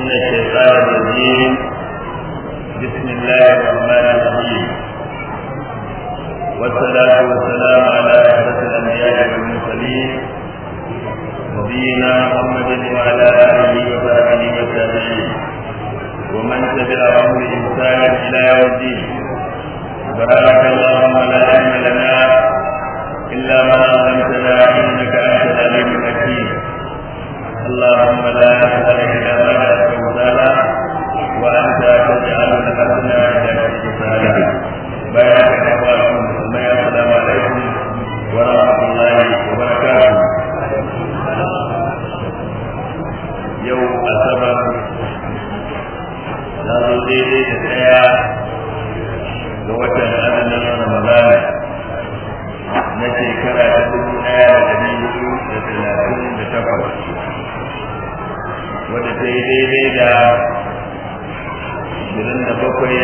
من الشيطان الرجيم بسم الله الرحمن الرحيم والصلاة والسلام على أشرف الأنبياء والمرسلين نبينا محمد وعلى آله وصحبه والتابعين ومن تبعهم بإحسان إلى يوم الدين بارك اللهم لا علم لنا إلا ما علمتنا إنك أنت اللهم لا سهل الا ما تحبنا وانت تجعل لنا اذا كنت سهلا sai daidai da ashirin da bakwai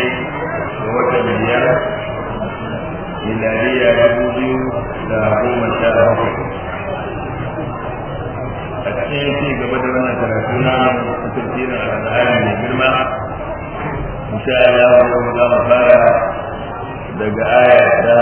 ga watan biyar milariya dubu biyu da goma sha bakwai a cikin ci gaba da wannan karatu na tafsirin al'ada mai girma insha Allah za mu fara daga aya ta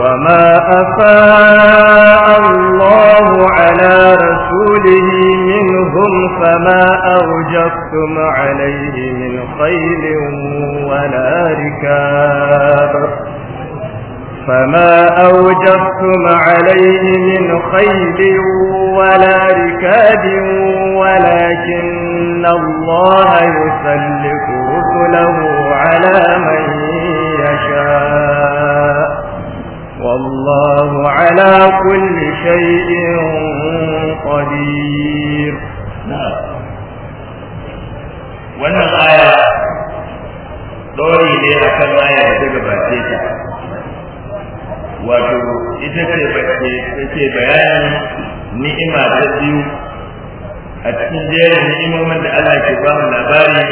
وما أفاء الله على رسوله منهم فما أوجبتم عليه من خيل ولا ركاب فما أوجبتم عليه من خيل ولا ركاب ولكن الله يسلك رسله على من والله على كل شيء قدير wannan aya dori ne a kan aya da daga bace ta wato ita ce bace take bayanin ni'ima ta biyu a cikin jerin ni'imomin da Allah ke ba mu labari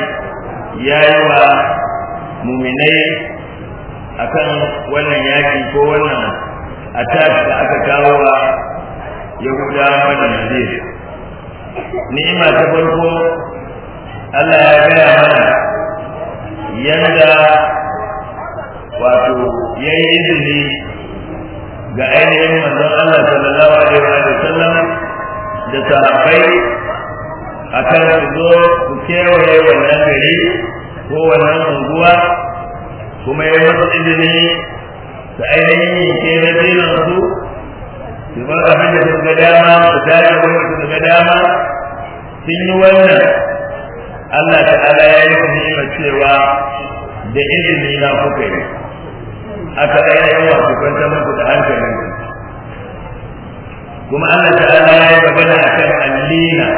yayi wa muminai akan wannan yaki ko wannan attack da aka kawo wa yahudawa mana nadir ni'ima ta farko Allah ya gaya mana yanda wato ya yi izini ga ainihin manzon Allah sallallahu alaihi wa sallam da sahabbai akan su zo su kewaye wannan gari ko wannan unguwa kuma ya yi masa izini da ainihin ke na zina su su ba da hanyar su ga dama su yi wani su ga dama sun yi wannan Allah ta'ala ya yi yi cewa da izini na kuka yi aka wa su kwanta muku da hankalin kuma Allah ta'ala ya yi magana kan allina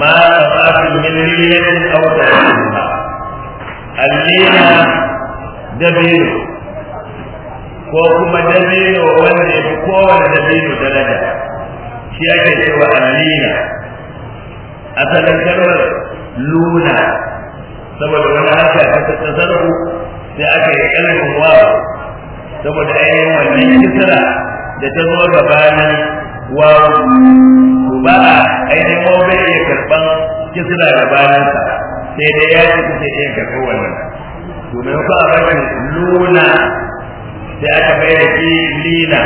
ma a tsafin min riyatin autar allina dabino ko kuma dabino wanda ya fi kowane dabino daraja shi ake cewa allina asalin kalmar luna saboda wani haka ta tasarrufu sai aka yi kalmar wawa saboda ainihin wannan kisara da ta zo gabanin wawu ba a ainihin wawa bai iya kisara kisra gabaninsa sai dai ya ci kuke iya karɓar wannan domin mai ba a rashin nuna sai aka mai da shi lina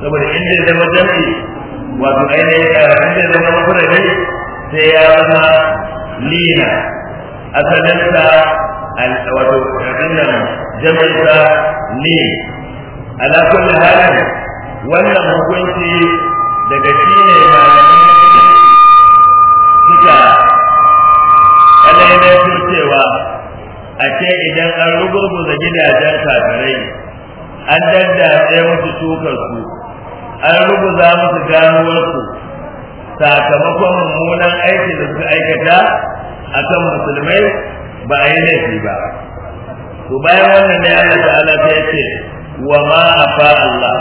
saboda inda ya zama jami wato ainihin eh, inda ya zama mafura mafurari sai ya zama lina asalinsa wato abin nan jami'insa ne ala kulli halin wannan hukunci daga shi ne malamai suka ya cewa a ce idan an rugurguza gidajen kafirai an daddatse musu tukarsu an ruguza musu ganuwarsu sakamakon mummunan aiki da suka aikata a kan musulmai ba a yi laifi ba to bayan wannan ne Allah ta'ala sai ya ce wa ma afa Allah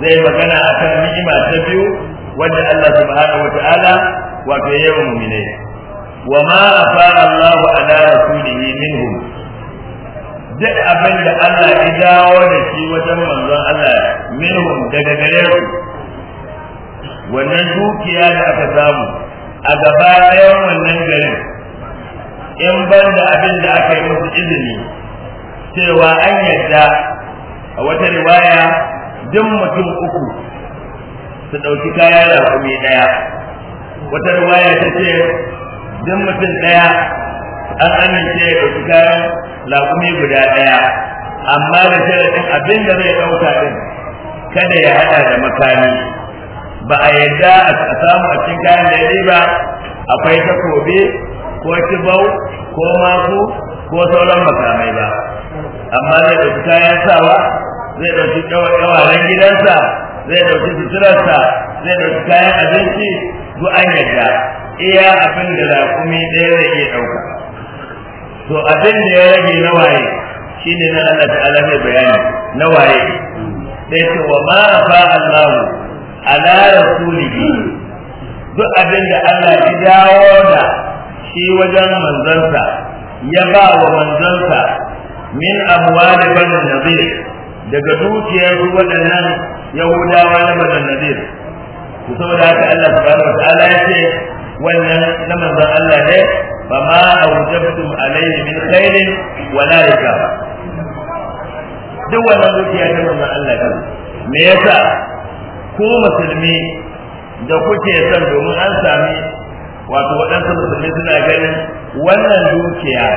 zai magana akan ni'ima ta biyu wanda Allah subhanahu wa ta'ala wato yawan mu'minai wa ma afa Allah ala rasulihi minhum duk abin da Allah ya dawo da shi wajen manzon Allah minhum daga gare ku wannan dukiya da aka samu a gaba ɗayan wannan garin in ban da abin da aka yi musu izini cewa an yadda a wata riwaya duk mutum uku su ɗauki kaya da kuma ɗaya wata riwaya ta ce don mutum ɗaya an amince ya ɗauki kayan laƙumi guda ɗaya amma da sharaɗin abin da zai ɗauka ɗin kada ya haɗa da makami ba a yadda a samu a cikin kayan da ya ba akwai takobi ko kibau ko mako ko sauran makamai ba amma zai ɗauki kayan sawa zai ɗauki ƙawaren gidansa zai ɗauki suturarsa zai ɗauki kayan abinci duk an yadda iya abin da lakumi ɗaya zai iya ɗauka to abin da ya rage na waye shi ne na Allah ta'ala mai bayani na waye sai ce wa ma fa Allah ala rasulihi duk abin da Allah ya dawo da shi wajen manzansa ya ba wa manzansa min amwali bani nadir daga dukiyar waɗannan yahudawa na bani nadir saboda haka Allah subhanahu wa ta'ala ya ce wannan na manzon Allah ne Ba ma awjabtum alayhi min khairin wala rikaba duk wannan dukiya ta manzon Allah ne me yasa ko musulmi da kuke son domin an sami wato waɗansu musulmi suna ganin wannan dukiya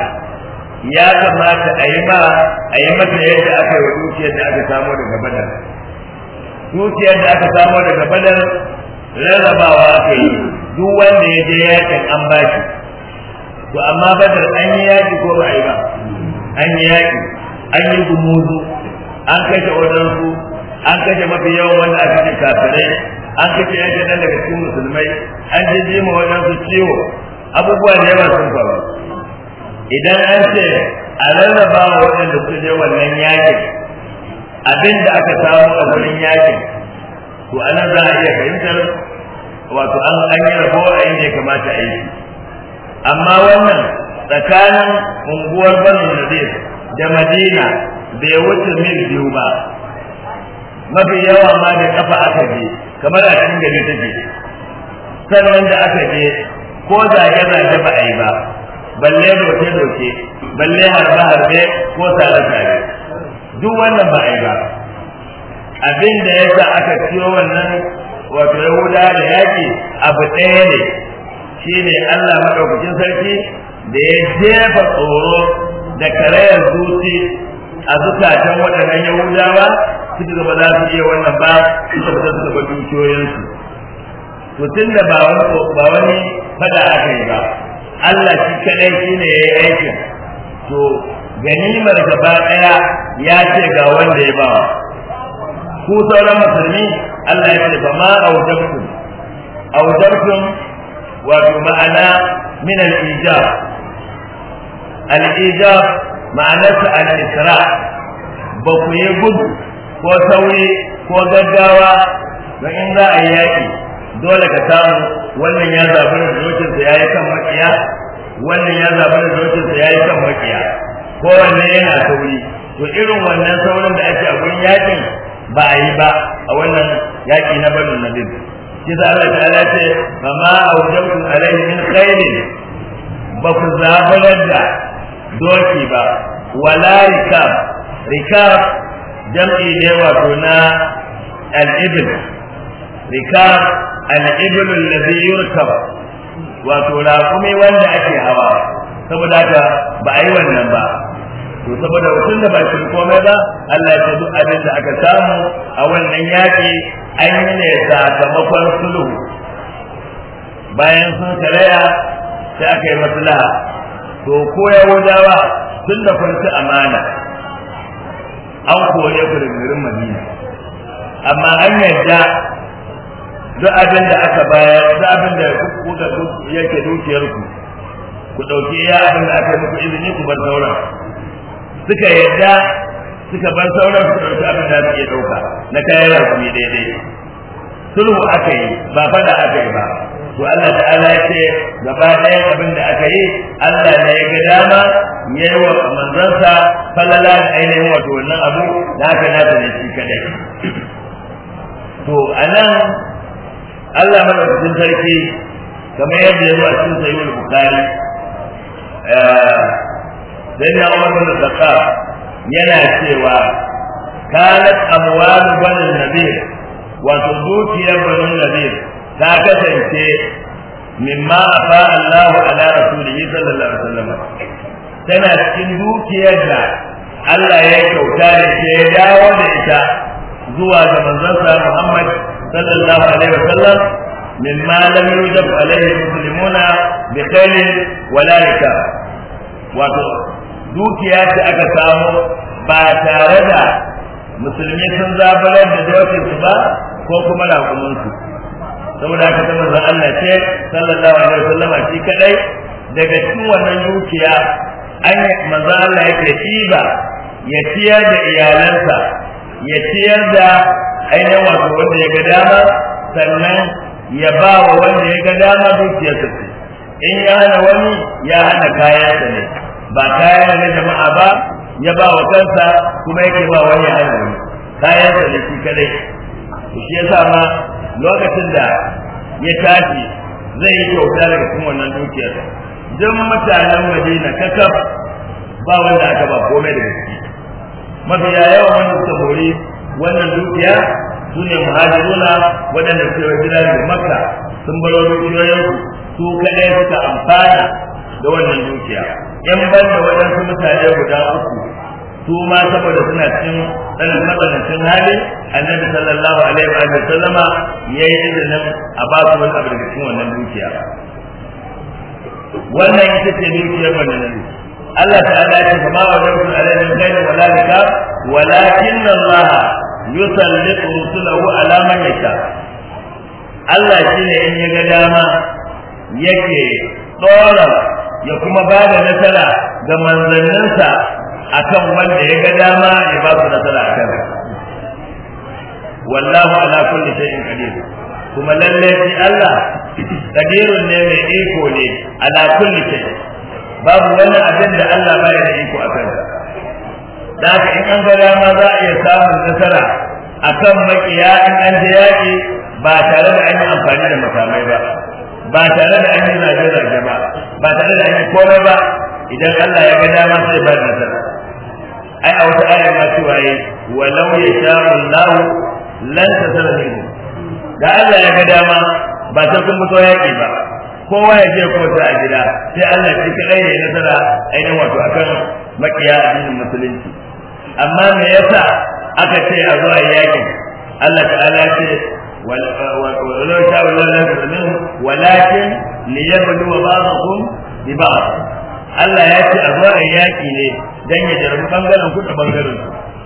ya kamata a yi ba a yi mata yadda aka yi dukiyar da aka samo daga badar dukiyar da aka samo daga badar rarrabawa aka yi duk wanda ya je yakin an ba shi to amma badar an yi yaki ko ba yi ba an yi yaki an yi gumuzu an kashe wadansu an kashe mafi yawan wanda aka ce kafirai an kashe yaki nan daga cikin musulmai an je jima wadansu ciwo abubuwa da yawa sun faru idan an ce a rarraba wa waɗanda su je wannan yaki abin da aka samu a wurin yakin to anan za a iya fahimtar wato an an yi rabo a inda ya kamata a yi amma wannan tsakanin unguwar banu nadir da madina bai wuce mil biyu ba mafi yawa ma da kafa aka je kamar a cikin gari take sannan da aka je ko ya zage ba a yi ba balle doke doke balle harbe harbe ko tare tare duk wannan ba a yi ba abin da ya sa aka ciyo wannan wato yahuda da yaki abu ɗaya ne shi ne Allah maɗaukacin sarki da ya jefa tsoro da karayar zuci a zukatan waɗannan yahudawa suka zama za su iya wannan ba suka fita suka ba dukiyoyinsu to da ba wani fada aka yi ba Allah shi kaɗai shi ne ya yi aikin to ganimar gaba ɗaya ya ce ga wanda ya bawa ku sauran musulmi Allah ya ce ba ma aujarkum aujarkum wato ma'ana min al-ijab al-ijab ma'anarsa al-isra ba ku yi gudu ko sauri ko gaggawa don in za a yi yaƙi dole ka samu wannan ya zaɓi da zocinsa ya yi kan makiya wannan ya zaɓi da zocinsa ya yi kan makiya kowanne yana sauri to irin wannan saurin da ake a gurin yaƙin ba a yi ba a wannan yaƙi na banu nadir shi za Allah ta'ala ce ba ma aujabtum alaihi min khairin ba ku zabarar da doki ba wala rikab rikab jam'i ne wato na al-ibl rikab al-ibl alladhi yurkab wato raƙumi wanda ake hawa saboda haka ba a yi wannan ba to saboda mutum da ba shi komai ba Allah ya duk abin da aka samu a wannan yaƙi an yi ne sakamakon sulhu bayan sun karaya sai aka yi maslaha to ko wajawa tun da kwanci amana an kore ku daga garin madina amma an yadda duk abin da aka bayar duk abin da kuka yake dukiyarku ku ɗauki iya abin da aka yi muku izini ku bar sauran suka yadda suka bar sauran su ɗauki abin da su iya ɗauka na kayan rakumi daidai sulhu aka yi ba fada aka yi ba to Allah ta'ala ya ce gaba ɗayan abin da aka yi Allah ne ya ga dama ya yi wa manzansa falala da ainihin wato wannan abu da aka nasa ne shi kadai to a nan Allah madaukakin sarki kamar yadda ya zo a cikin sayyidul bukhari eh, dan ya Umar bin Khattab yana cewa kanat amwal bani nadir wato dukiyar bani nadir ta kasance mimma fa Allah ala rasulihi sallallahu alaihi wasallam tana cikin dukiyar da Allah ya kyauta da ke dawo da ita zuwa ga manzansa Muhammad sallallahu alaihi wasallam mimma lam yujab alaihi muslimuna bi khairin wala nikah wato dukiya ce aka samu ba tare da musulmi sun zafarar da dokin su ba ko kuma rakumin su saboda aka ta manzon Allah ce sallallahu alaihi wasallam shi kadai daga cikin wannan dukiya an manzon Allah shi ba, ya ciyar da iyalansa ya ciyar da ainihin wato wanda ya ga dama sannan ya ba wa wanda ya ga dama dukiyarsa in ya hana wani ya hana kayansa ne ba kayan na jama'a ba ya ba wa kansa kuma yake ba wani ya hana kayan sa da shi kadai shi sa ma lokacin da ya tashi zai yi kyauta daga cikin wannan dukiyar duk mutanen madina kakaf ba wanda aka ba komai da gaske mafiya yawan wanda suka wannan dukiya su ne muhajiruna waɗanda suka yi gida da makka sun baro dukiyoyinsu su kaɗai suka amfana da wannan dukiya in ban da waɗansu mutane guda uku su ma saboda suna cikin ɗan matsanancin hali annabi sallallahu alaihi wa sallama ya yi izinin a ba su wani abu daga cikin wannan dukiya wannan ita ce dukiyar wannan Allah ta'ala ya ce fa ma wajen alaihi min khairin wala zaka walakin Allah yusallitu rusulahu ala man yasha Allah shine in ya ga dama yake tsoron ya kuma ba da nasara ga manzanninsa a kan wanda ya ga dama ya ba su nasara a kan wallahu ala kulli shay'in qadir kuma lalle shi Allah kadirun ne mai iko ne ala kulli shay babu wani abin da Allah ba ya da iko a kan da haka in an ga dama za a iya samun nasara akan makiya in an ji yaƙi ba tare da an yi amfani da makamai ba ba tare da an yi zage ba ba tare da an yi kome ba idan Allah ya ga dama sai ba nasara ai a wata aya ma cewa yi walau ya sha Allah lan ne minhu da Allah ya ga dama ba ta kun mutu yaki ba kowa ya je ko ta gida sai Allah shi kadai ya nasara a ainihin wato akan makiya addinin musulunci amma me yasa aka ce a zuwa yaƙin? Allah ta'ala ce ولو شاء الله لكم منهم ولكن ليبلو بعضكم ببعض Allah ya ce a zuwa yaƙi ne don ya jarbi bangaren kuɗa bangaren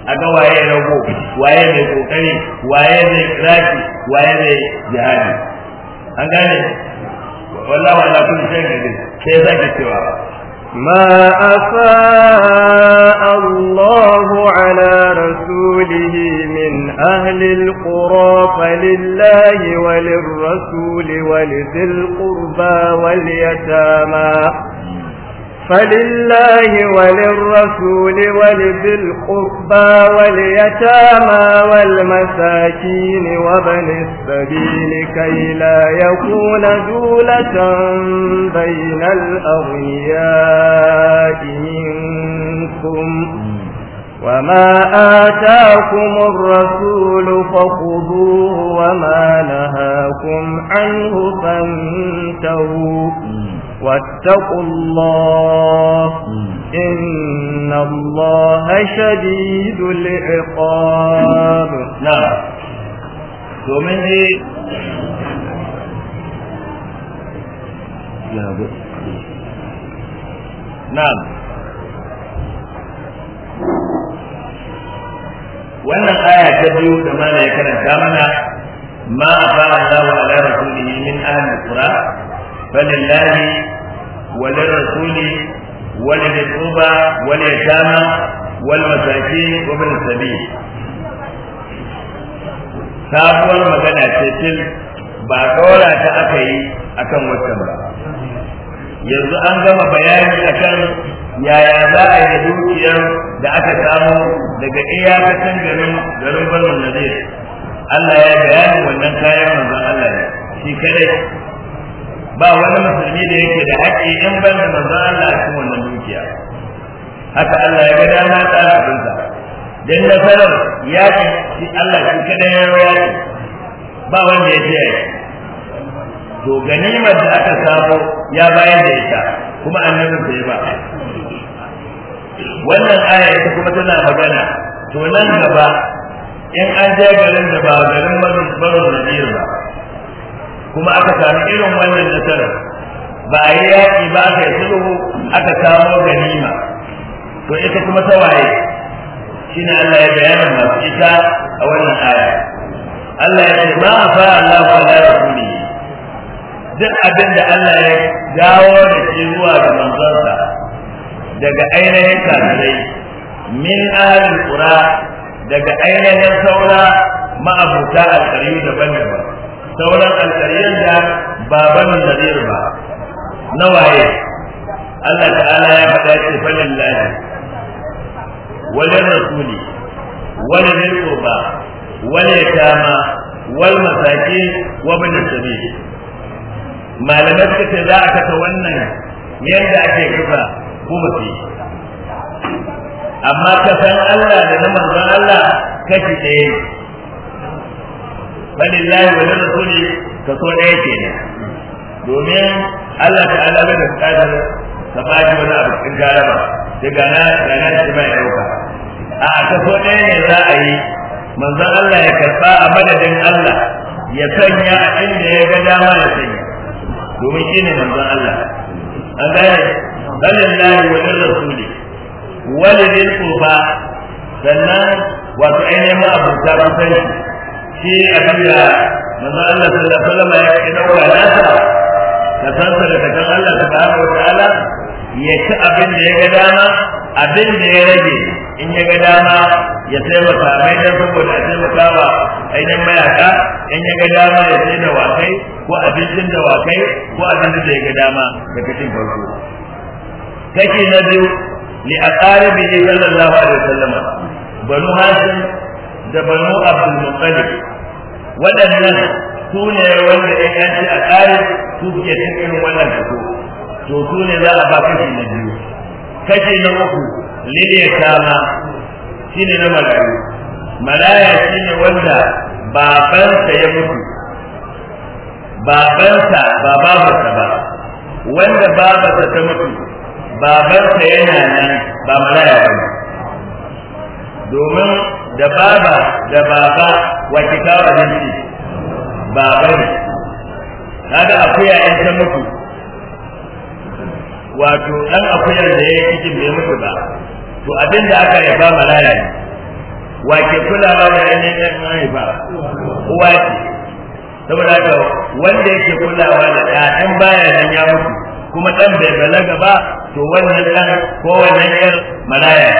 a ga waye rago waye mai kokari waye mai kiraki waye mai jihadi an gane wallahi wala kullu shay'in qadir sai zaki cewa ما أفاء الله على رسوله من أهل القرى فلله وللرسول ولذي القربى واليتامى فلله وللرسول ولذي القربى واليتامى والمساكين وابن السبيل كي لا يكون دولة بين الأغنياء منكم وما آتاكم الرسول فخذوه وما نهاكم عنه فانتهوا واتقوا الله إن الله شديد العقاب نعم ومن لا بد نعم wannan aya ta biyu da mana ya karanta mana ma fara Allah wa ala rasulihi min ahli qura فلله وللرسول وللقربى واليتامى والمساكين وابن السبيل sabuwar magana ce til ba kawara ta aka yi akan wata ba yanzu an gama bayani akan yaya za a yi dukiyar da aka samu daga iyakacin garin garin balmul nadir Allah ya bayani wannan kayan manzon Allah ne shi kadai ba wani musulmi da yake da haƙƙi in ban da manzo Allah a cikin wannan dukiya haka Allah ya ga dama ta abin dan nasarar ya ci shi Allah shi kada ya yaki ba wanda ya ce to ganimar da aka samu ya bayar da ita kuma annabin sa ya ba wannan aya ita kuma tana magana to nan gaba in an je garin da ba garin mazan barin ba kuma aka sami irin wannan nasarar ba a yi yaƙi ba aka yi sulhu aka samo ganima to ita kuma tawaye shine Allah ya bayyana masu ita a wannan aya Allah ya ce ma fa Allah wa la rasuli duk abin da Allah ya dawo da shi zuwa ga manzonsa daga ainihin kafirai min ahlul qura daga ainihin saura ma'abuta alƙaryu daban-daban sauran alƙaryan da baban nadir ba na waye Allah ta'ala ya faɗa ce falin lahi Wani rasuli wani zai ba, wani ya kama wal masaki wa bin sabili malamai suka ce za a kasa wannan yadda ake kasa kuma fi amma kasan Allah da na manzon Allah kashi ɗaya falillahi wa rasuli kaso ɗaya kenan domin Allah ta'ala bai da bukatar ka wani abu cikin galaba na ga shi mai dauka a kaso ɗaya ne za a yi manzon Allah ya karba a madadin Allah ya sanya a inda ya ga dama ya sanya domin shi ne Allah sannan wato ainihin abuta ban shi a abinda manzo Allah sallallahu alaihi wasallam ya dauka nasa ka san sa da kan Allah subhanahu ta'ala ya ci abin da ya ga dama abin da ya rage in ya ga dama ya sai taimaka mai da saboda taimakawa ainihin mayaka in ya ga dama ya sai da wakai ko abincin da wakai ko abincin da ya ga dama daga cikin farko kashi na biyu li aqaribi sallallahu alaihi wasallama banu hashim da banu abdul muttalib waɗannan su ne wanda ya yanci a tsari su ke cikin wannan fito to su ne za a ba kashi na biyu kashi na uku liliya kama shi ne na marayu Malaya shi ne wanda babansa ya mutu babansa ba babansa ba wanda babansa ta mutu babansa yana nan ba malaya ba domin da baba da baba wace kawo jinsi baba ne kaga akuya in ta mutu wato dan akuyar da ya cikin bai mutu ba to abin da aka yaba malaya ne kula kulawa da mai ba uwa ce saboda haka wanda yake kulawa da ɗan baya nan ya mutu kuma dan bai balaga ba to wannan dan ko wannan yar malaya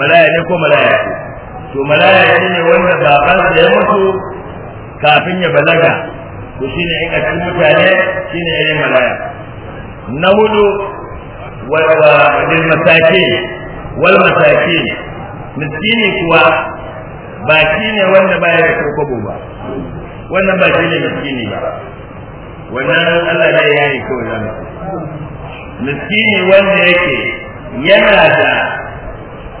malaya ne ko malaya to malaya shi ne wanda babansa ya mutu kafin ya balaga to shi ne in cikin mutane shi ne ya yi malaya na hudu wal masaki wal masaki miskini kuwa ba shi ne wanda baya da kokobo ba wannan ba shi ne miskini ba wannan Allah ne ya yi kawai zamu miskini wanda yake yana da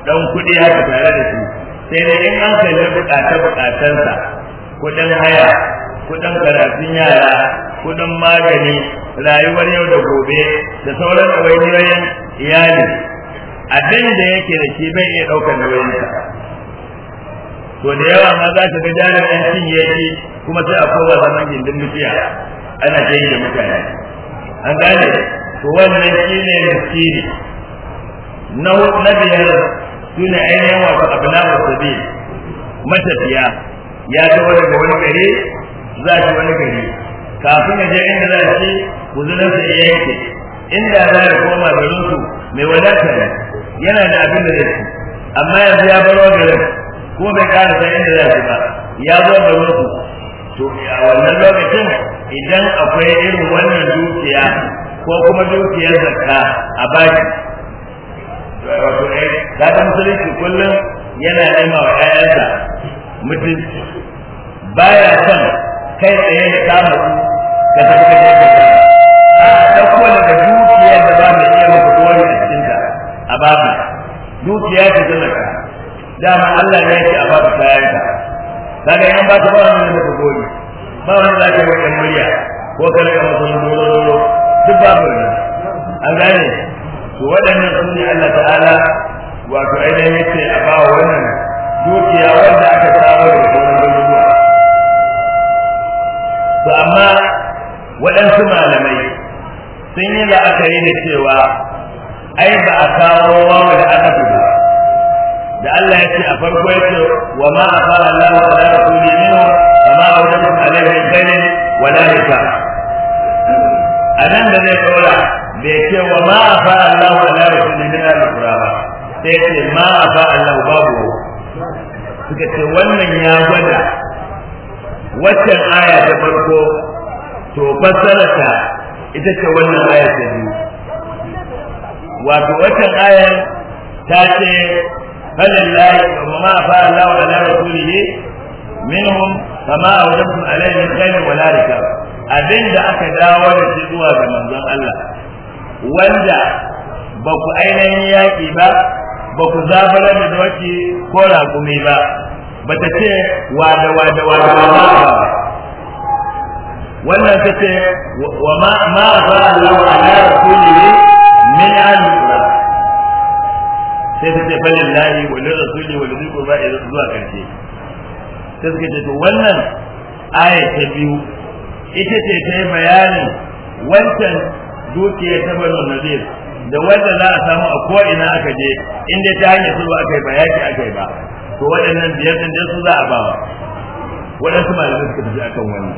ɗan kuɗi haka tare da shi sai dai in an kalli bukace bukacensa kudin haya kudin karatun yara kudin magani rayuwar yau da gobe da sauran ɗawainiyoyin iyali abin da yake da shi bai iya ɗaukar nauyinsa to da yawa ma za ka ga jarin cinye kuma sai a kowa zaman gindin mutiya ana jayi da mutane an gane to wannan shi ne na biyar su ne ainihin na wasu sabi matafiya ya ta wani ga wani gari za shi wani gari kafin ya je inda za shi guzunan su ya yanke inda za ya koma garin su mai wadatar yana da abin da zai amma yanzu ya baro garin kuma bai kara san inda za shi ba ya zo garin su to a wannan lokacin idan akwai irin wannan dukiya ko kuma dukiyar zakka a baki wato ai za ta musulunci kullum yana nema wa ƴaƴansa mutunci baya son kai tsaye da kama ka tafi ka je ta. a dauko daga dukiyar da ba mu iya maka kowa a cikin ta a babu dukiya ta zalaka dama Allah ne yake a babu kayan ta kaga yan ba ta ba wani da ka gode ba wani za ka yi murya ko ka rika masa duk babu ne an gane to waɗannan sun ne Allah ta'ala wato ainihin ce a ba wannan dukiya wanda aka samu da gonar garuruwa to amma waɗansu malamai sun yi la'akari da cewa ai ba a kawo wawa da aka fi da Allah ya ce a farko ya ce wa ma a fara Allah wa ala rasuli minhu wa ma awjadu alaihi khairin wa la A nan da zai kaura bai ce wa ma afa Allah wa la rasul min al-qura ba sai ce ma afa Allah babu suka ce wannan ya gwada waccan aya ta farko to fassarata ita ce wannan aya ta biyu wato waccan aya ta ce falillahi wa ma afa Allah wa la rasulihi minhum fama awjabtum alayhi min khairin wala rikab abinda aka dawo da shi zuwa ga manzon Allah wanda ba ku ainihin yaƙi ba ba ku zabarar da doki ko raƙumi ba ba ta ce wada wada wada wada ba wannan ta ce wa ma fa Allah ala rasulihi min al-qur'an sai ta ce fa lahi wa lil rasuli wa lil qurba idan zuwa karshe sai suka ce to wannan aya ta biyu ita ce ta yi bayanin wancan dukiyar tabarin nazir da wanda za a samu a ko'ina aka je inda ta hanyar su aka yi ba yaki aka yi ba to waɗannan biyar ɗin su za a bawa waɗansu malamai suka tafi akan wani.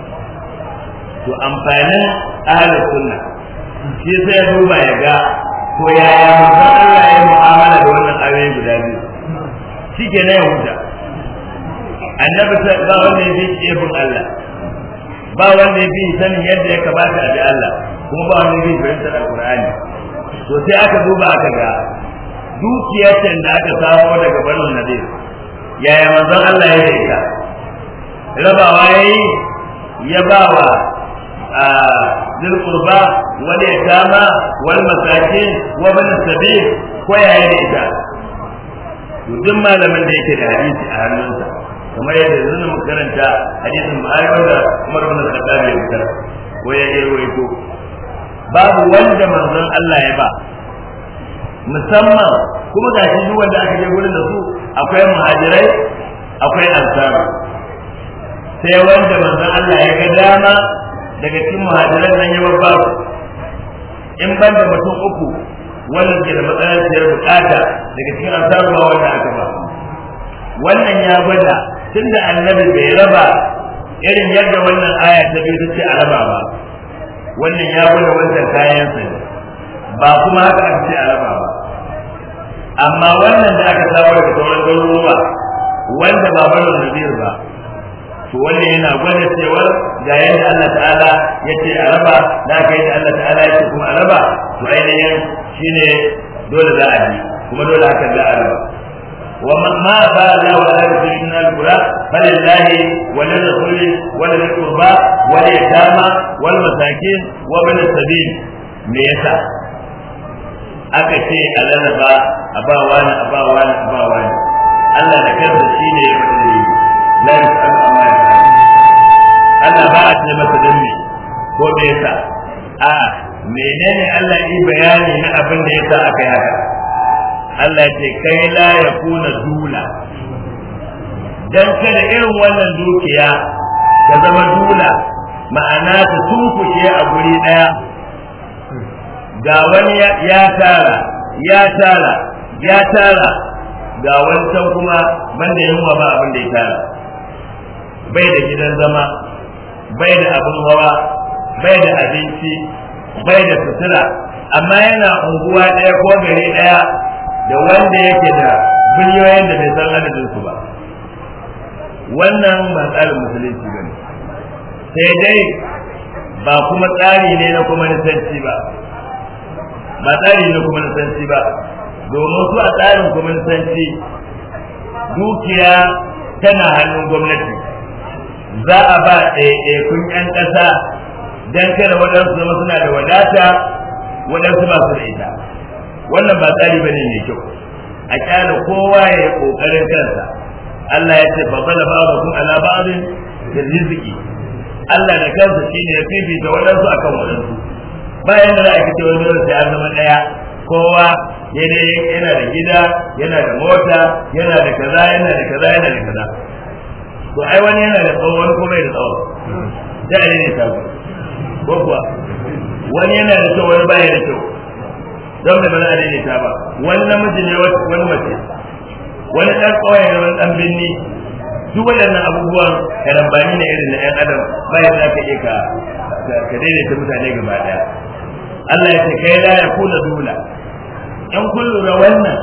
to amfanin ahalar sunna shi sai ya duba ya ga ya yi manzon Allah ya mu'amala da wannan ayoyi guda biyu shi ke na ya huta annabi sallallahu alaihi wanda ya ce Allah ba wanda ya sanin yadda ya kamata a bi Allah kuma ba wanda ya fi fahimtar qurani to sai aka duba aka ga dukiyar da aka samo daga banin nadir yaya manzon Allah ya yi ta rabawa ya ya bawa wa dil wani ya yatama wal masakin wa bani sabil ko ya yi da ita duk malamin da yake da hadisi a hannunsa kamar yadda zan makaranta hadisin Buhari wanda Umar bin Khattab ya fitar ko ya yi ko babu wanda manzon Allah ya ba musamman kuma ga shi duk wanda aka je gurin da su akwai muhajirai akwai ansar sai wanda manzon Allah ya ga dama daga cikin muhajiran nan ya babba in ban da mutum uku wannan ke da ya bukata daga cikin ansar ba wanda aka ba wannan ya gwada tunda annabi bai raba irin yadda wannan aya ta biyu ta ce a raba ba wannan ya gwada wannan kayan sa ba kuma haka an ce a raba ba amma wannan da aka samar da sauran garuruwa wanda ba barin nazir ba to wannan yana gwada cewar ga yadda Allah ta'ala ya ce a raba da ga yadda Allah ta'ala ya ce kuma a raba to ainihin shine dole za a yi kuma dole haka za a raba ومن ما بال ولا يدري من القرى فلله وللرسول وللقربى واليتامى والمساكين وابن السبيل me yasa aka ce a lalaba a ba wani a ba wani a ba wani Allah da kansa shi ne ya faɗi ne la yus'alu amma yaf'al Allah ba a ce masa dan me ko me yasa a menene Allah yi bayani na abin da yasa aka yi haka Allah ce kai la ya kuna dula dan kada irin wannan dukiya ta zama dula ma'ana ta tunkushe a guri daya ga wani ya tara ya tara ya tara ga wancan kuma banda yunwa ba abin da ya tara bai da gidan zama bai da abin hawa bai da abinci bai da sutura amma yana unguwa ɗaya ko gari ɗaya da wanda yake da biliyoyin da bai san adadin su ba wannan ba tsarin musulunci ba ne sai dai ba kuma tsari ne na kuma nisanci ba ba tsari ne kuma nisanci ba domin su a tsarin kuma nisanci dukiya tana hannun gwamnati za a ba kun 'yan ƙasa don kada waɗansu zama suna da wadata waɗansu ba su da ita wannan ba tsari ne mai kyau a kyala kowa ya yi kokarin kansa Allah ya ce da babal ba'dakum ala ba'din bil rizqi Allah da kansa shine ya fifita waɗansu a kan waɗansu bayan da za a ce wani sai an zama ɗaya, kowa yana da gida yana da mota yana da kaza yana da kaza yana da kaza to ai wani yana da tsawon wani kuma da tsawon da ne ta ko kuwa wani yana da kyau wani baya da kyau don bana da daidaita ba wani namiji ne wani mace wani ɗan ƙauye ne wani ɗan binni duk waɗannan abubuwan karambani ne irin na ɗan adam bayan za ka iya ka daidaita mutane gaba ɗaya Allah ya ce kai la ya kula dula in kun lura wannan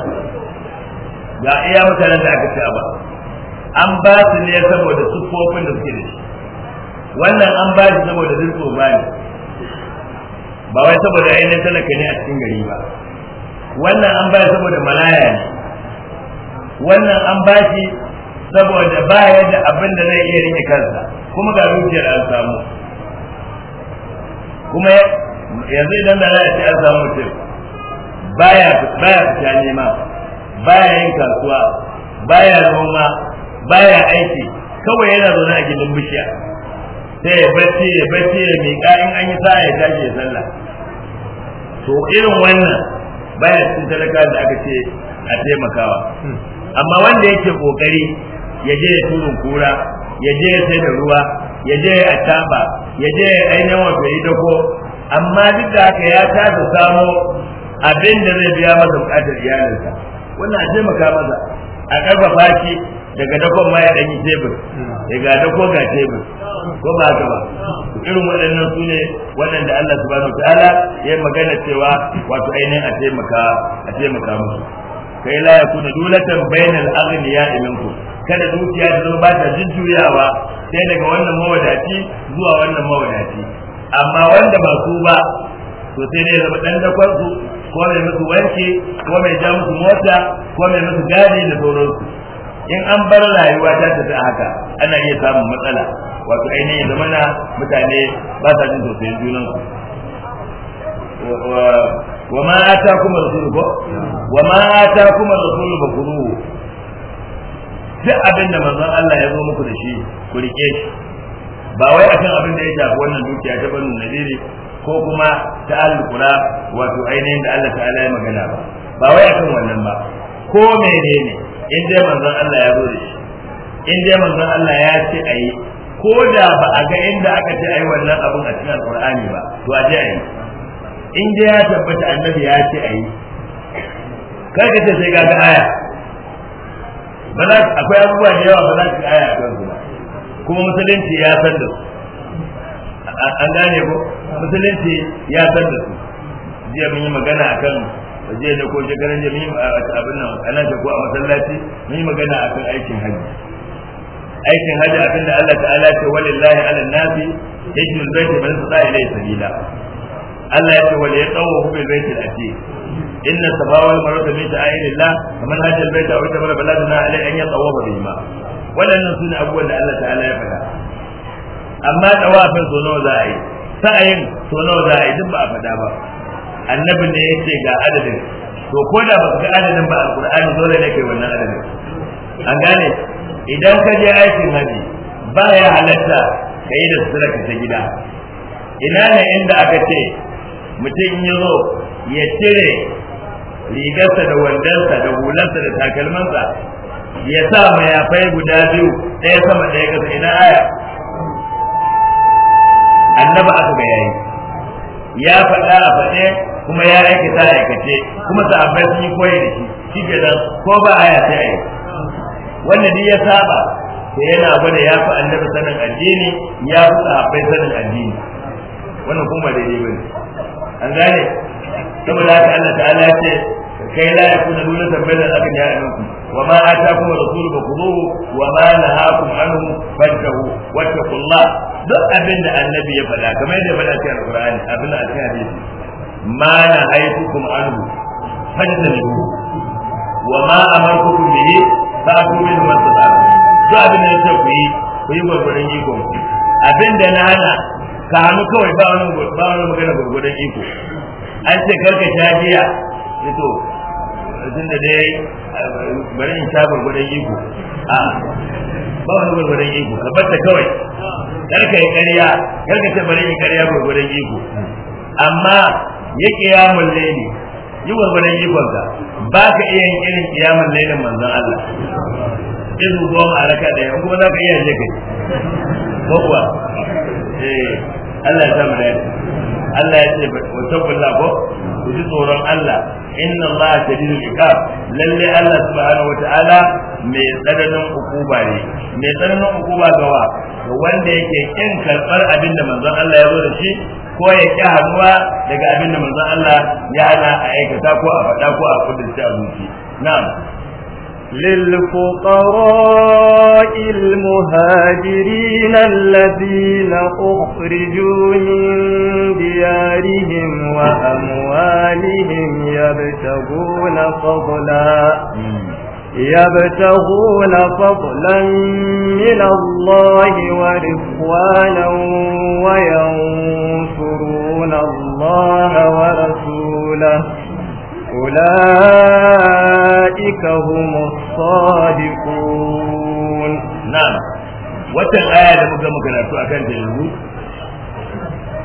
ga iya mutanen da aka ci ba an ba su ne saboda siffofin da suke da shi wannan an ba shi saboda zirko ba ne ba wai saboda ainihin talaka ne a cikin gari ba wannan an baya saboda malaya ne wannan an bashi saboda baya da abin da zai iya rike kansa kuma ga rukiyar an samu kuma yanzu idan da za a ce an samu mutum baya ya fita nema baya yin kasuwa baya noma baya aiki kawai yana zaune a gidan bishiya sai ya bacci ya bacci ya miƙa in an yi sa ya tashi ya sallah to irin wannan baya cikin talaka da aka ce a taimakawa hmm. amma wanda yake kokari ya je ya turun kura ya je ya sai da ruwa ya je ya taba ya je ya ainihin wato ya dako amma duk da haka ya tasa samo abin da zai biya masa bukatar iyalinsa wannan a taimaka masa a ƙarfafa shi daga dakon ma ya ɗanyi tebur daga dakon ga tebur ko ba ka ba irin waɗannan su ne waɗanda Allah subhanahu ta'ala ya magana cewa wato ainihin a taimaka a taimaka musu kai la kuna dulatan bainal aghniya minkum kada dukiya ta zama ba ta jujjuyawa sai daga wannan mawadaci zuwa wannan mawadaci amma wanda ba su ba to sai dai zama dan dakon su ko mai musu wanke ko mai ja musu mota ko mai musu gadi da sauransu in an bar rayuwa ta tafi a haka ana iya samun matsala wato ainihin zamana mutane ba sa jin tausayin junan wa ma kuma rasul ba wa ma atakum rasul kuru duk abin da manzon Allah ya zo muku da shi ku rike shi ba wai akan abin da ya shafi wannan dukiya ta banu nadiri ko kuma ta alqura wato ainihin da Allah ta'ala ya magana ba ba wai akan wannan ba ko menene in dai manzon Allah ya zo da shi in dai manzon Allah ya ce yi ko da ba a ga inda aka ce yi wannan abun a cikin alqur'ani ba to a je yi in dai ya tabbata annabi ya ce ayi kar ka ce sai ga aya ba za akwai abubuwa da yawa ba za ka aya a kansu ba kuma musulunci ya san da su an gane ko musulunci ya san da su jiya mun yi magana akan jiya da ko shekaran jiya mun yi abin nan ana ta ko a masallaci mun yi magana a kan aikin hajji. aikin hajji abin da Allah ta'ala ce walillahi ala nasi hijjul baiti man sada ilayhi sabila Allah ya ce wal yatawu bil baiti al-atiq inna safa wal marwa min sha'airillah kaman hajjal baita aw tamara baladuna alai an yatawafa bihima wadannan sune abubuwan da Allah ta'ala ya faɗa amma tawafin so za a yi sa'ayin so nawa za a yi duk ba a faɗa ba annabi ne ya ga adadin to ko da baka ga adadin ba alqur'ani dole ne kai wannan adadin an gane idan ka je aikin haji ba ya halatta ka yi da suraka ta gida ina ne inda aka ce mutum ya zo ya cire rigarsa da wandansa da hularsa da takalmansa ya sa mayafai guda biyu ɗaya sama ɗaya ƙasa ina aya annaba aka ga yayi ya faɗa a faɗe kuma ya aikata a aikace kuma sahabbai sun yi koyi da shi shi ke zan ko ba a yace a wanda duk ya saba to yana gwada ya fi annabi sanin addini ya fi sahabbai sanin addini wannan kuma daidai ba ne an gane saboda haka Allah ta'ala ce kai la yakuna lulatan bainal aghniya'ikum وما آتاكم الرسول فخذوه وما نهاكم عنه فانتهوا واتقوا الله duk abin da annabi ya faɗa kamar yadda faɗa cikin alƙur'ani abin da a cikin hadisi ma na haifukum anhu fajtanibu wa ma amarkukum bihi fa'tu min masal duk abin da ku yi iko abin da na hana ka hannu kawai ba wani magana gurgurin iko an ce karka shafiya to tun da dai eh, bari in sha gwargwadon iko a ba wani gwargwadon iko ka bar ta kawai kar ka yi karya, kar ka ce bari in ƙarya gwargwadon iko amma ya kiyamun laili yi gwargwadon ikonka ba ka iya yin irin kiyamun lailin manzon Allah izu goma a raka ɗaya kuma za ka iya je kai ko kuwa eh, Allah ya samu dace Allah ya ce wa tabballa ko ku ji tsoron Allah inna Allah shadidul iqab lalle Allah subhanahu wataala mai tsananin hukuma ne mai tsananin hukuma gawa ga wanda yake kin karbar abin da manzon Allah ya zo da shi ko ya ki hannuwa daga abin da manzon Allah ya hana a aikata ko a faɗa ko a shi a zuci na'am للفقراء المهاجرين الذين أخرجوا من ديارهم وأموالهم يبتغون فضلا يبتغون فضلا من الله ورضوانا وينصرون الله ورسوله أولئك هم الصادقون نعم watan aya da muka makaratu a kan yanzu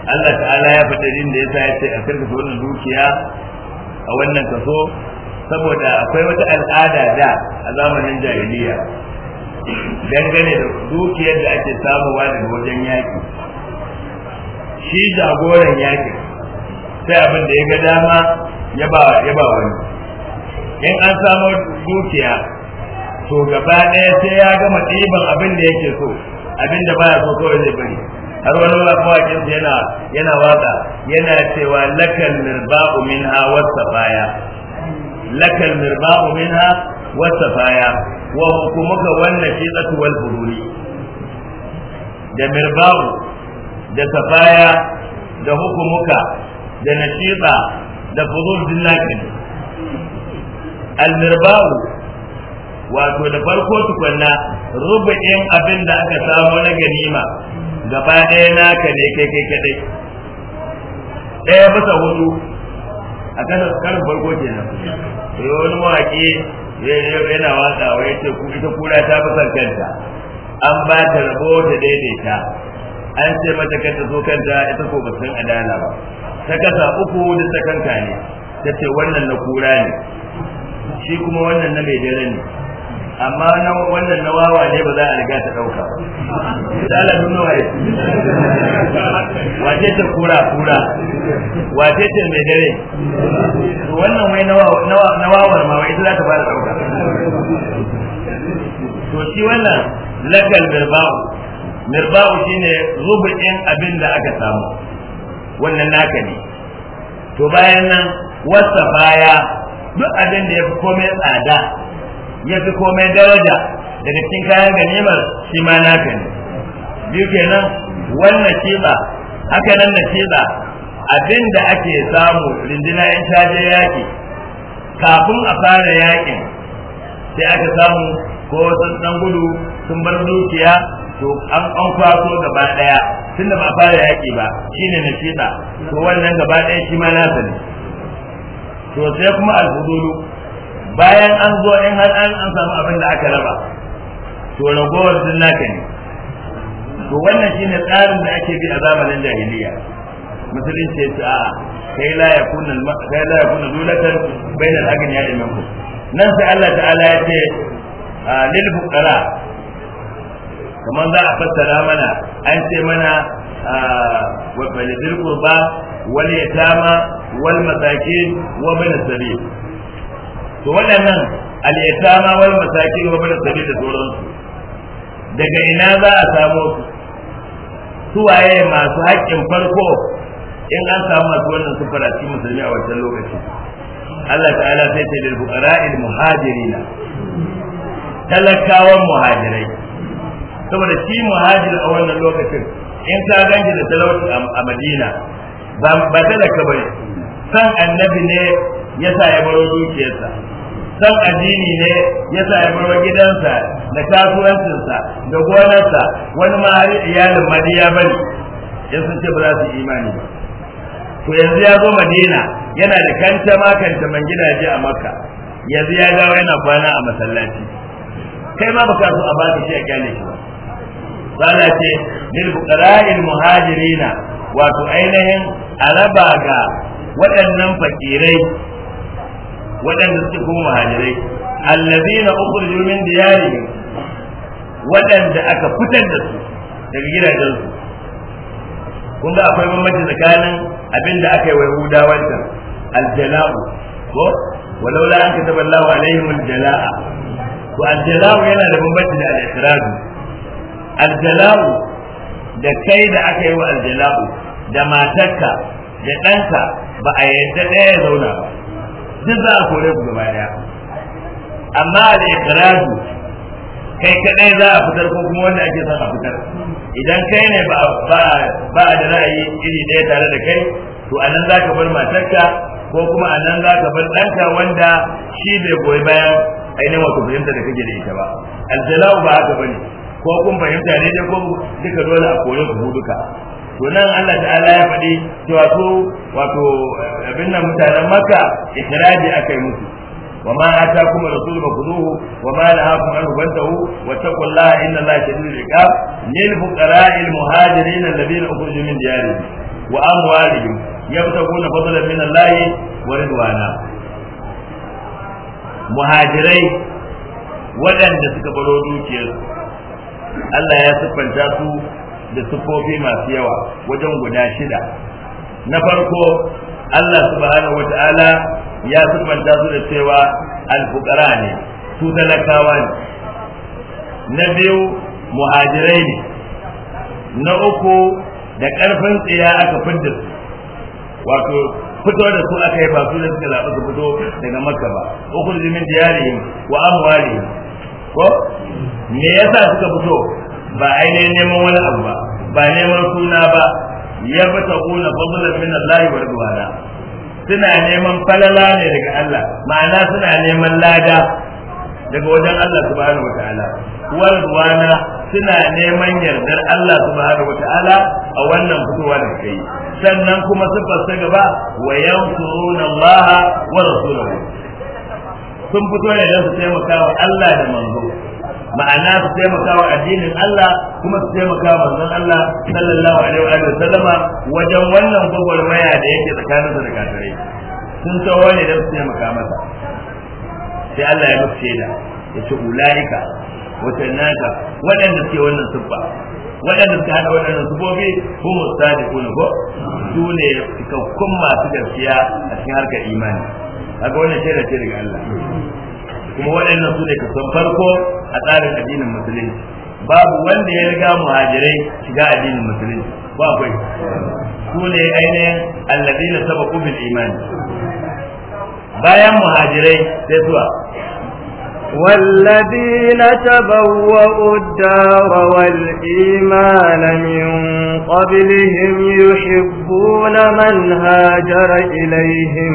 Allah ta'ala ya faɗa din da yasa ya ce a karkata wannan dukiya a wannan kaso saboda akwai wata al'ada da a zamanin jahiliya dangane da dukiyar da ake samuwa daga wajen yaki shi jagoran yakin sai abin da ya ga dama ya ba wani in an samu dukiya to gaba ɗaya sai ya gama ɗiban abin da yake so abin da baya so kawai zai bari har wani mawaƙin yana yana waka yana cewa lakal mirba'u minha baya lakal mirba'u minha baya wa hukumuka wannan fi tsatuwal buruni da mirba'u da safaya da hukumuka da nashiba da fuzul din lakin almirbaru wato da farko tukunna rubu'in abin da aka samu na ganima gaba ɗaya naka ne kai kai kadai ɗaya bisa hudu a kasar karin farko nan sai wani mawaƙi yana watsa wai ce ita kura ta fi san kanta an ba ta rabo ta daidaita an ce mata kanta so kanta ita ko ba san adala ba ta kasa uku da ta kanka ne ta ce wannan na kura ne shi kuma wannan na mai dare ne amma wannan na wawa ne ba za a riga ta ɗauka Ba da alamun nawa ne wace ce kura kura wace ce mai dare wannan wai na wawar ma wai ita za ta ba da ɗauka to shi wannan lakal mirba'u mirba'u shine rubu'in abin da aka samu wannan naka ne to bayan nan wasa baya duk abin da ya fi komai tsada ya fi komai daraja daga cikin kayan ganimar shi ma naka ne biyu kenan wannan kiba haka nan na kiba abin da ake samu rindina yan taje yaki kafin a fara yaƙin, sai aka samu ko wasu dan gudu sun bar dukiya to an an kwaso gaba daya tunda ba fara yaki ba shine na shida to wannan gaba daya shi ma nasa ne to sai kuma alhudulu bayan an zo in har an an samu abin da aka raba to ragowar din naka ne to wannan shine tsarin da ake bi a zamanin jahiliya musulunci ya ce a kai la yakuna kai la yakuna dulatan bainal aghniya minkum nan sai Allah ta'ala ya ce lil fuqara kamar za a fassara mana an ce mana wa walidil qurba wal yatama wal masakin wa bin sabil to waɗannan al yatama wal masakin wa bin sabil da sauransu daga ina za a samu su waye masu haƙƙin farko in an samu masu wannan sufara cikin musulmi a wancan lokaci Allah ta'ala sai ce lil fuqara'il muhajirina talakawan muhajirai saboda shi muhajir a wannan lokacin in ta ganji da talauci a madina ba ta da kabari san annabi ne ya sa ya baro dukiyarsa san addini ne ya sa ya baro gidansa da kasuwancinsa da gonarsa wani ma har iyalin ma ya bari in sun ce ba za su imani ba to yanzu ya zo madina yana da kanta ma kanta man gidaje a makka yanzu ya dawo yana kwana a masallaci kai ma baka so a ba shi a kyale shi ba zala ce lil fuqara'il muhajirina wato ainihin alaba ga waɗannan fakirai waɗanda suke kuma muhajirai allazina ukhrijoo min diyarihim waɗanda aka fitar da su daga gidajensu kun ga akwai bambanci tsakanin abinda aka yi wa yahudawan wancan, aljala'u ko walau la an kataba Allahu alaihim aljala'a to aljala'u yana da bambanci da al-ikradu aljala'u da kai da aka yi wa aljala'u da matarka da ɗanka ba a yadda ɗaya ya zauna ba duk za a kore ku gaba ɗaya amma al'iqradu kai kaɗai za a fitar ko kuma wanda ake son a fitar idan kai ne ba a da ra'ayi iri ɗaya tare da kai to anan za ka bar matarka ko kuma anan za ka bar ɗanka wanda shi bai goyi bayan ainihin wato fahimta da kake da ita ba aljala'u ba haka ba ne. ko kun fahimta ne da ko duka dole a koyo ku to nan Allah ta'ala ya faɗi cewa to wato eh, abin nan mutanen maka ikirabi akai musu wa ma kuma rasulu ba kuzuhu wa ma la hafu anhu bantahu wa taqullaha inna la shadidul iqab lil fuqara'il muhajirin alladhina ukhruju min diyarihim wa amwalihim yabtaquna fadlan min Allah wa ridwana muhajirai waɗanda suka baro dukiyarsu Allah ya siffanta su da siffofi masu yawa wajen guda shida na farko Allah subhanahu wata'ala ya siffanta su da cewa alfukara ne su talakawa ne na biyu muhajirai ne na uku da ƙarfin tsiya aka fidda su wato fito da su aka yi ba su da suka zaɓi su fito daga makka ba ukhrijum min diyarihim wa amwalihim ko me yasa suka fito ba ainihin neman wani abu ba ba neman suna ba ya fata kuna fadlan min Allah wa ridwana suna neman falala ne daga Allah ma'ana suna neman lada daga wajen Allah subhanahu wataala wa ridwana suna neman yardar Allah subhanahu wataala a wannan fitowa da kai sannan kuma su ta gaba wa yansuruna Allah wa rasulahu sun fito ne don su taimaka wa Allah da manzo ma'ana su taimaka wa addinin Allah kuma su taimaka wa manzon Allah sallallahu alaihi wa sallama wajen wannan maya da yake tsakaninsa da kafirai sun tawo ne don su taimaka masa sai Allah ya musu da ya ce ulaika wata naka waɗanda suke wannan sufa, waɗanda suka haɗa waɗannan sufofi hum sadiquna ko su ne cikakkun masu gaskiya a cikin harkar imani kaga wannan shaida ce daga Allah kuma waɗannan su ne kason farko a tsarin addinin musulunci babu wanda ya riga muhajirai shiga addinin musulunci ba kai su ne ainihin alladina saba bil imani bayan muhajirai sai zuwa والذين تبوأوا الدار والإيمان من قبلهم يحبون من هاجر إليهم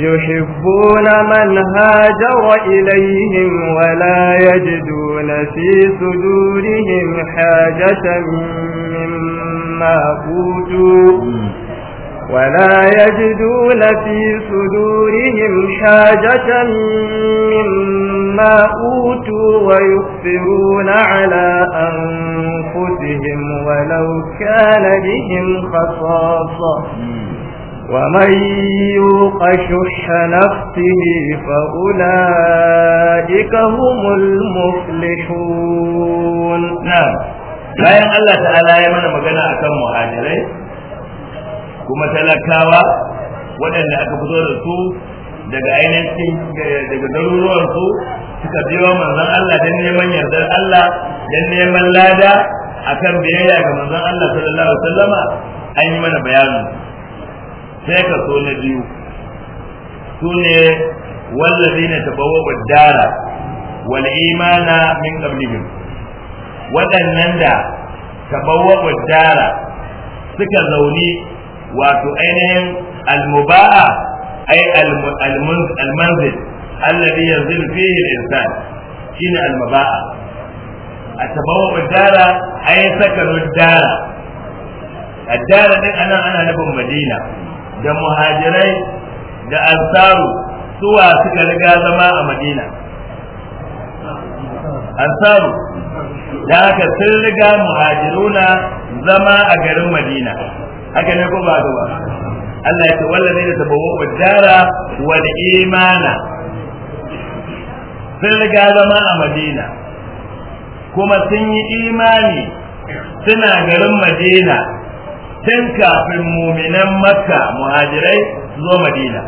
يحبون من هاجر إليهم ولا يجدون في صدورهم حاجة مما أوتوا ولا يجدون في صدورهم حاجة مما أوتوا ويؤثرون على أنفسهم ولو كان بهم خصاصة ومن يوق شح نفسه فأولئك هم المفلحون نعم bayan Allah ta'ala ya mana magana akan muhajirai kuma talakawa waɗanda aka fito da su daga ainihin daga garuruwan su suka biyo manzon Allah don neman yardar Allah don neman lada akan biyayya ga manzon Allah sallallahu alaihi wasallama an yi mana bayanin sai kaso na biyu su ne wallazi na tabawa dara wal imana min qablihim waɗannan da tabawa dara suka zauni wato ainihin almuba'a ay almanzil alladhi yanzilu fihi al-insan shine almuba'a atabawa dara ay sakanu dara الدار دين أنا أنا نبم مدينة da muhajirai da ansaru suwa suka riga zama a madina ansaru da aka sun riga muhajiruna zama a garin madina haka ne ko ba ba Allah ya ce wallazi da tabawu dara wal imana sun riga zama a madina kuma sun yi imani suna garin madina tun kafin muminan makka muhajirai su zo madina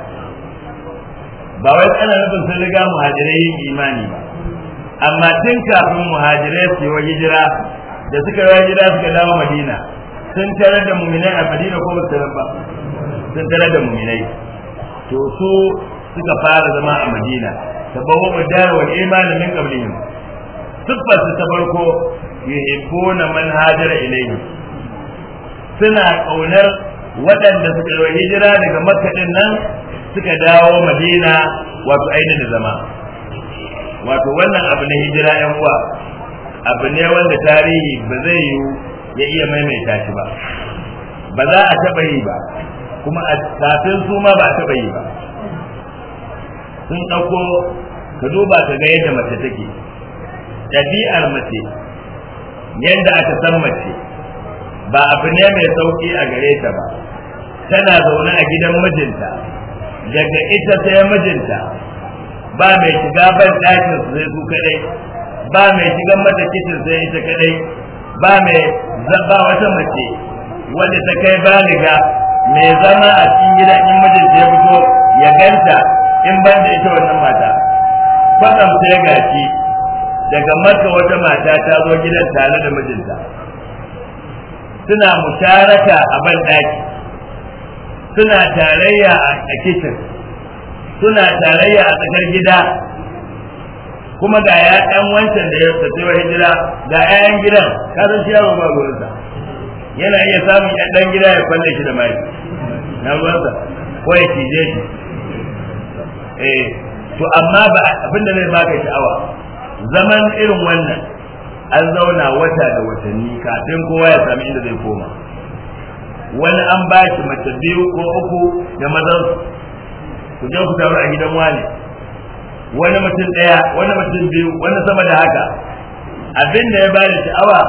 ba wai tsana nufin sun riga muhajirai yin imani ba amma tun kafin muhajirai su yi hijira da suka yi hijira suka dawo madina sun tarar da muminai a madina ko ba su ba sun tarar da muminai to su suka fara zama a madina tabawu dawo wa iman min qablihim su ta farko yuhibbuna man hajara ilayhi suna kaunar waɗanda suka yi hijira daga makka nan suka dawo madina wato ainihin zama wato wannan abu na hijira yan uwa abu ne wanda tarihi ba zai yiwu ya iya maimaita shi ba ba za a taɓa yi ba kuma a kafin su ma ba a taɓa yi ba sun ɗauko ka duba ka ga yadda mace take ɗabi'ar mace yadda aka san mace ba abu ne mai sauki a gare ta ba tana zaune a gidan mijinta daga ita sai mijinta ba mai shiga ban ɗakin su zai su kadai ba mai shiga mata kicin sai ita kadai ba mai zaba wata mace wanda ta kai baliga mai zama a cikin gida in mijinta ya fito ya ganta in ban da ita wannan mata kwatsam sai gashi daga maka wata mata ta zo gidan tare da mijinta suna musharaka a banɗaki, suna tarayya a kitchen suna tarayya a tsakar gida kuma ga ya ɗan wancan da ya tafi wa hijira ga 'ya'yan gidan ka san shi yaro ba gurinsa yana iya samun ɗan gida ya kwalle shi da mai na ruwansa ko ya cije shi eh to amma ba abin da zai baka sha'awa zaman irin wannan an zauna wata da watanni kafin kowa ya sami inda zai koma wani an ba shi mace biyu ko uku da mazan ku je ku taru a gidan wani wani mutum ɗaya wani mutum biyu wani sama da haka abin da ya ba da sha'awa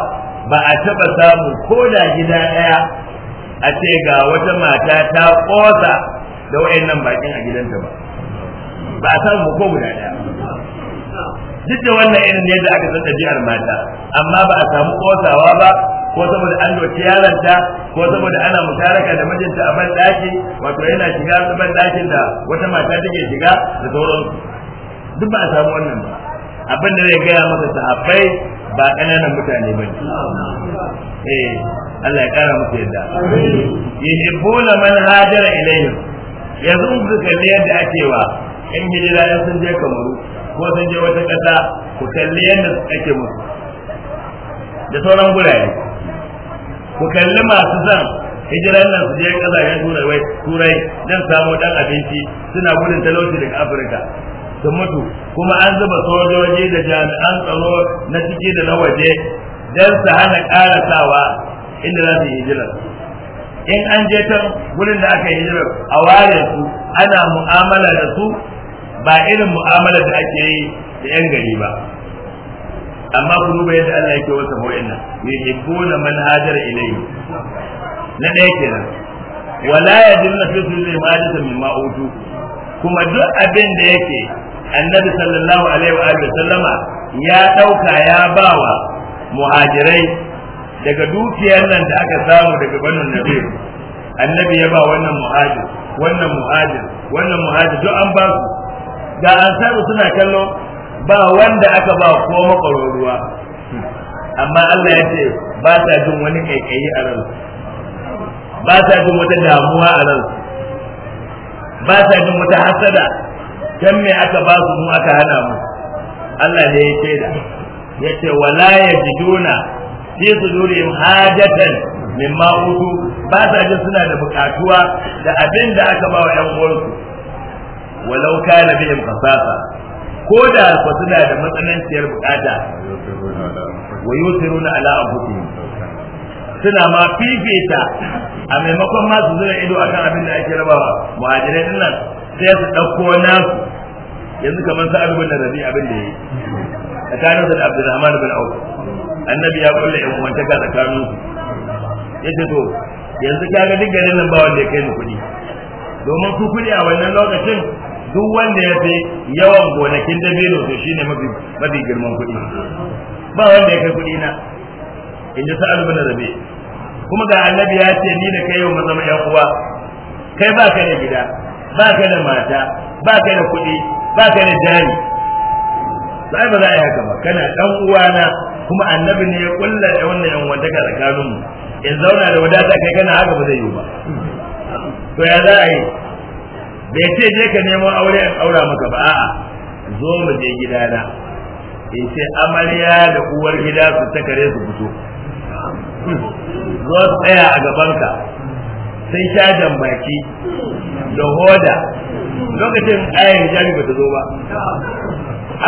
ba a taɓa samu ko da gida ɗaya a ce ga wata mata ta kosa da wayannan bakin a gidanta ba ba a samu ko guda ɗaya duk da wannan irin ne da aka san ɗabi'ar mata amma ba a samu kosawa ba ko saboda an doki yaranta ko saboda ana musharaka da mijinta a banɗaki wato yana shiga banɗakin da wata mata take shiga da sauransu duk ba a samu wannan ba abin da zai gaya masa sahabbai ba ƙananan mutane ba eh Allah ya kara musu yadda yuhibbuna man hajara ilayhim yanzu in kuka yadda akewa. in jira ya sun je kamaru ko sun je wata ƙasa ku kalli yadda ake musu da sauran gurare ku kalli masu zan hijiran nan su je ƙasashen turai turai don samu ɗan abinci suna gudun talauci daga afirka sun mutu kuma an zuba sojoji da jami'an tsaro na ciki da na waje don su hana karasawa inda za su yi hijirar in an je can gudun da aka yi hijirar a ware su ana mu'amala da su ba irin mu'amala da ake yi da yan gari ba amma ku duba yadda Allah yake wasa wa'annan yuhibbuna man manhajar ilayhi na ɗaya kenan wala yadinna fi sirri ma'adata min ma'utu kuma duk abin da yake annabi sallallahu alaihi wa alihi sallama ya ɗauka ya bawa muhajirai daga dukiyar nan da aka samu daga banin nabi annabi ya ba wannan muhajir wannan muhajir wannan muhajir duk an ba su ga ansaru suna kallo ba wanda aka ba ko makwaron amma Allah ya ce ba ta jin wani kaikayi a ran ba ta jin wata damuwa a ran ba ta jin wata hasada kan me aka ba su mu aka hana mu Allah ne ya ce da ya ce wala yajiduna fi sudurihim hajatan mimma utu ba ta jin suna da bukatuwa da abin da aka ba wa 'yan uwansu walau kana bihim khasasa ko da ku suna da matsananciyar bukata wa yusiruna ala anfusihim suna ma fifita a maimakon ma su zura ido akan abin da ake rabawa muhajirai din nan sai su dauko nasu yanzu kamar sa abin da rabi abin da yayi tsakanin da Abdulrahman bin Auf annabi ya kulle in wanta ka tsakanin su yace to yanzu kaga duk garin nan ba wanda ya kai ni kuɗi domin ku kuɗi a wannan lokacin duk wanda ya fi yawan gonakin dabino to shine mafi mafi girman kuɗi ba wanda ya kai kuɗi na in ji sa'ad bin kuma ga annabi ya ce ni da kai yau mu zama kai ba kai da gida ba kai da mata ba kai da kuɗi ba kai da jari sai ba za a yi haka ba kana dan uwana kuma annabi ne ya kulla da wannan yan wanda ka tsakaninmu in zauna da wadata kai kana haka ba zai yi ba to ya za a yi bai ce je ka nemo aure in aura maka ba a'a zo mu je gidana in ce amarya da uwar gida su ta kare su fito zo tsaya a gabanka sai sha jambaki da hoda lokacin ayan jami ba ta zo ba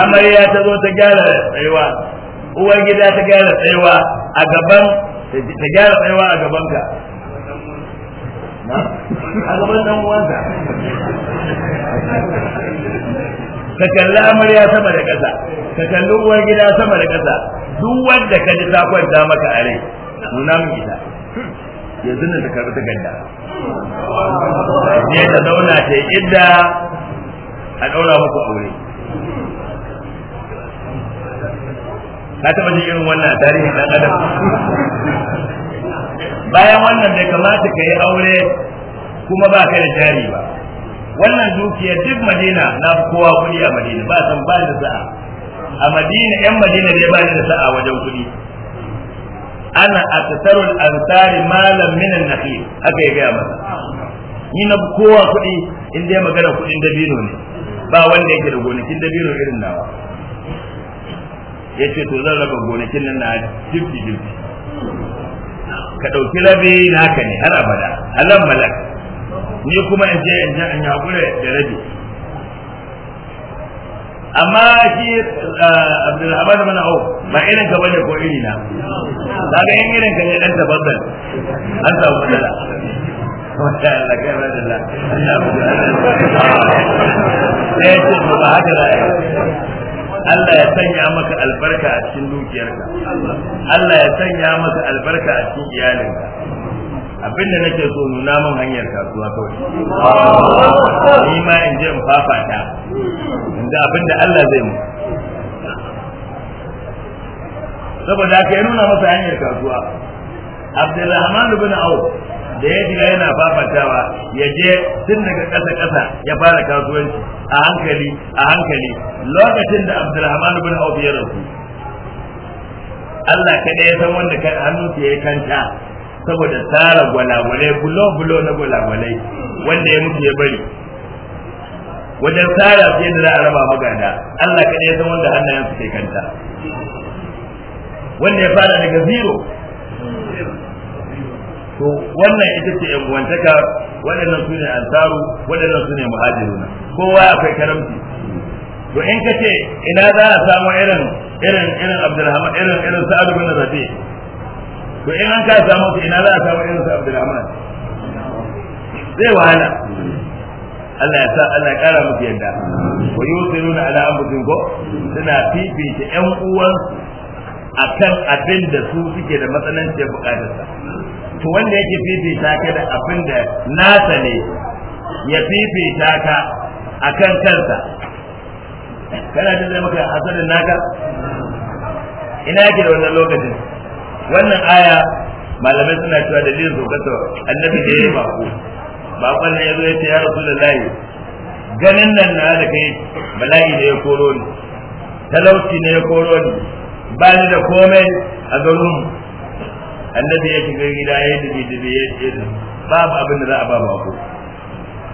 amarya ta zo ta gyara tsayuwa uwar gida ta gyara tsayuwa a gaban ta gyara tsayuwa a gabanka a gaban dan uwansa ka kalli amarya sama da ƙasa ka kalli uwar gida sama da ƙasa duk wanda ka ji ta kwanta maka a rai nuna min ita yanzu ne ta karɓi takarda ne ta zauna ta idda a ɗaura muku aure ka taɓa jin irin wannan a tarihin ɗan adam bayan wannan bai kamata ka yi aure kuma ba kai da jari ba wannan dukiyar duk madina na kowa kuɗi a madina ba san ba da sa'a a madina yan madina ne ba da sa'a wajen kuɗi ana atasarul ansari malam minan nakhil haka ya gaya masa ni na kowa kuɗi in dai magana kuɗin dabino ne ba wanda yake da gonakin dabino irin nawa yace to zan raba gonakin nan na jibji jibji ka ɗauki na ka ne har abada alam malaka ni kuma in je in an hakura da rabi amma shi eh, Abdulrahman bin au ba irin ka bane ko iri na ga yin irin ka ne dan tabaddal an samu dala ce eh, ba haka da Allah ya sanya maka albarka a cikin dukiyarka Allah ya sanya maka albarka a cikin iyalinka abin da nake so nuna min hanyar kasuwa kawai ni ma in je in fafata inda abin da Allah zai mu saboda ka yi nuna masa hanyar kasuwa Abdulrahman bin Awf da ya ji yana fafatawa ya je tun daga ƙasa ƙasa ya fara kasuwanci a hankali a hankali lokacin da Abdulrahman bin Awf ya rasu Allah kada ya san wanda hannunsa ya kanta saboda tsara gwalagwalai bulo-bulo na gwalagwalai wanda ya mutu ya bari wajen tsara fiye da za'a raba magada Allah kaɗai ya san wanda hannayen su ke kanta wanda ya fara daga zero to wannan ita ce yan uwantaka waɗannan su ne ansaru waɗannan su ne muhajiruna kowa akwai karamci to in ka ce ina za a samu irin irin irin abdulhamad irin irin sa'adu bin Rabi' to in an ka samu su ina za a samu irin su Abdulrahman zai wahala Allah ya sa Allah ya kara musu yadda ko na ala anfusihim ko suna fifita ƴan uwan akan abin da su suke da bukatar sa to wanda yake fifita ka da abin da nasa ne ya fifita ka akan kansa kana da zai maka hasarin naka ina yake da wannan lokacin wannan aya malamai suna cewa da jin zokata annabi da ya yi bako bakon ne ya zo ya ce ya rasu da layi ganin nan na da kai bala'i ne ya koro ni talauci ne ya koro ni ba ni da komai a garin annabi ya shiga gida ya yi dubi dubi ya ce babu abin da za a ba bako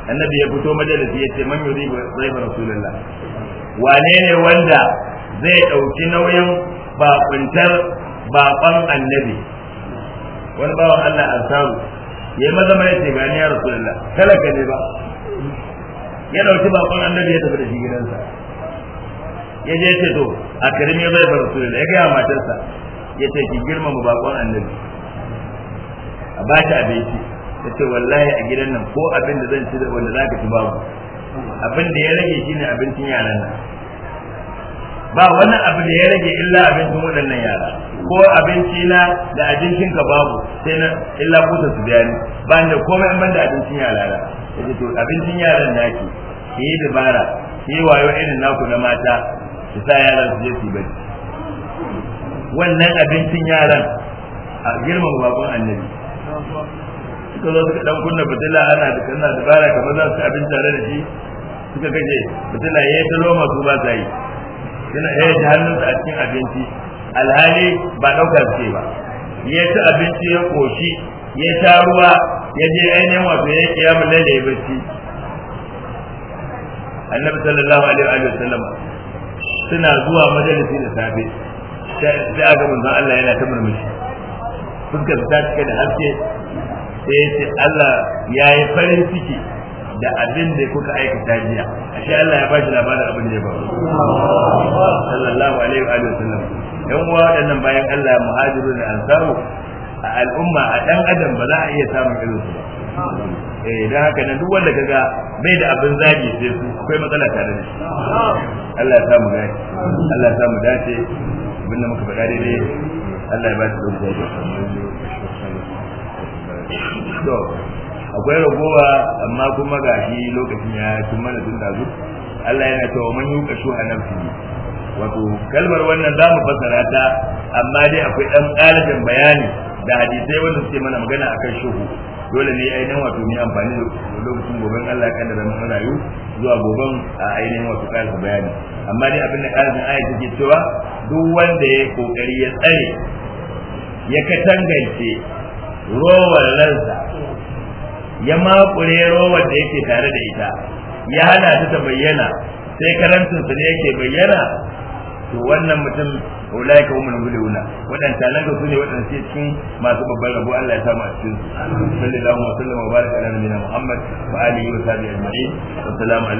annabi ya fito majalisi ya ce man yuri zaifa rasulullah wane ne wanda zai ɗauki nauyin bakuntar baƙon annabi wani bawan Allah samu ya yi maza mai ce gani ya rasulullah talaka ne ba ya dauki baƙon annabi ya tafi da shi gidansa ya je ce to a karimi ya bai ba Allah ya gaya matarsa ya ce ki girmama baƙon annabi a ba ta abinci ta ce wallahi a gidan nan ko abin da zan ci da wanda za ka ci babu abin da ya rage shi ne abincin yaran nan ba wani abu da ya rage illa abincin waɗannan yara ko abinci na da abincin ka babu sai na illa kusa su biya ni ba da komai ban da abincin yara da yake to abincin yaran naki ki yi dabara ki yi wayo irin naku na mata ki sa yaran su je su bari wannan abincin yaran a girman babun annabi suka zo suka dan kunna fitila ana da kana dabara kamar za su abin tare da shi suka kace fitila yayi ta loma su ba ta yi yana ya ji hannunsa a cikin abinci alhali ba ɗaukar ce ba ya ci abinci ya koshi ya sha ruwa ya je ainihin wato ya kiya mu lalle ya bacci annabi sallallahu alaihi wa sallam suna zuwa majalisi da safe sai aka manzon Allah yana ta murmushi fuskar ta cike da haske sai ya ce Allah ya yi farin ciki da abin da kuka aikata jiya ashe Allah ya bashi labarin abin da ya faru sallallahu alaihi wa sallam yan uwa waɗannan bayan Allah muhajiru da ansaru a al'umma a dan adam ba za a iya samun irin su ba eh dan haka nan duk wanda kaga bai da abin zagi sai su akwai matsala tare da shi Allah ya samu gani Allah ya samu dace abin da muka faɗa dai, Allah ya ba shi dokoki to akwai ragowa amma kuma gashi lokacin ya cin mana tun zu Allah yana cewa man yuka a nafsi wato kalmar wannan za mu fassara ta amma dai akwai dan ƙarfin bayani da hadisai wanda suke mana magana akan shuhu dole ne ainihin wato ni amfani da lokacin goben Allah kan da mu rayu zuwa goben a ainihin wato ƙarfin bayani amma dai abin da ƙarfin aya take cewa duk wanda ya kokari ya tsare ya katangance rowar ransa ya makure rowar da yake tare da ita ya hana ta ta bayyana sai karantin su ne yake bayyana to wannan mutum ulai ka umul muluna wadanta nan ga su ne wadanda suke cikin masu babbar rabo Allah ya samu a cikin su sallallahu alaihi wa sallam wa baraka ala nabiyina muhammad wa alihi wa sahbihi ajma'in assalamu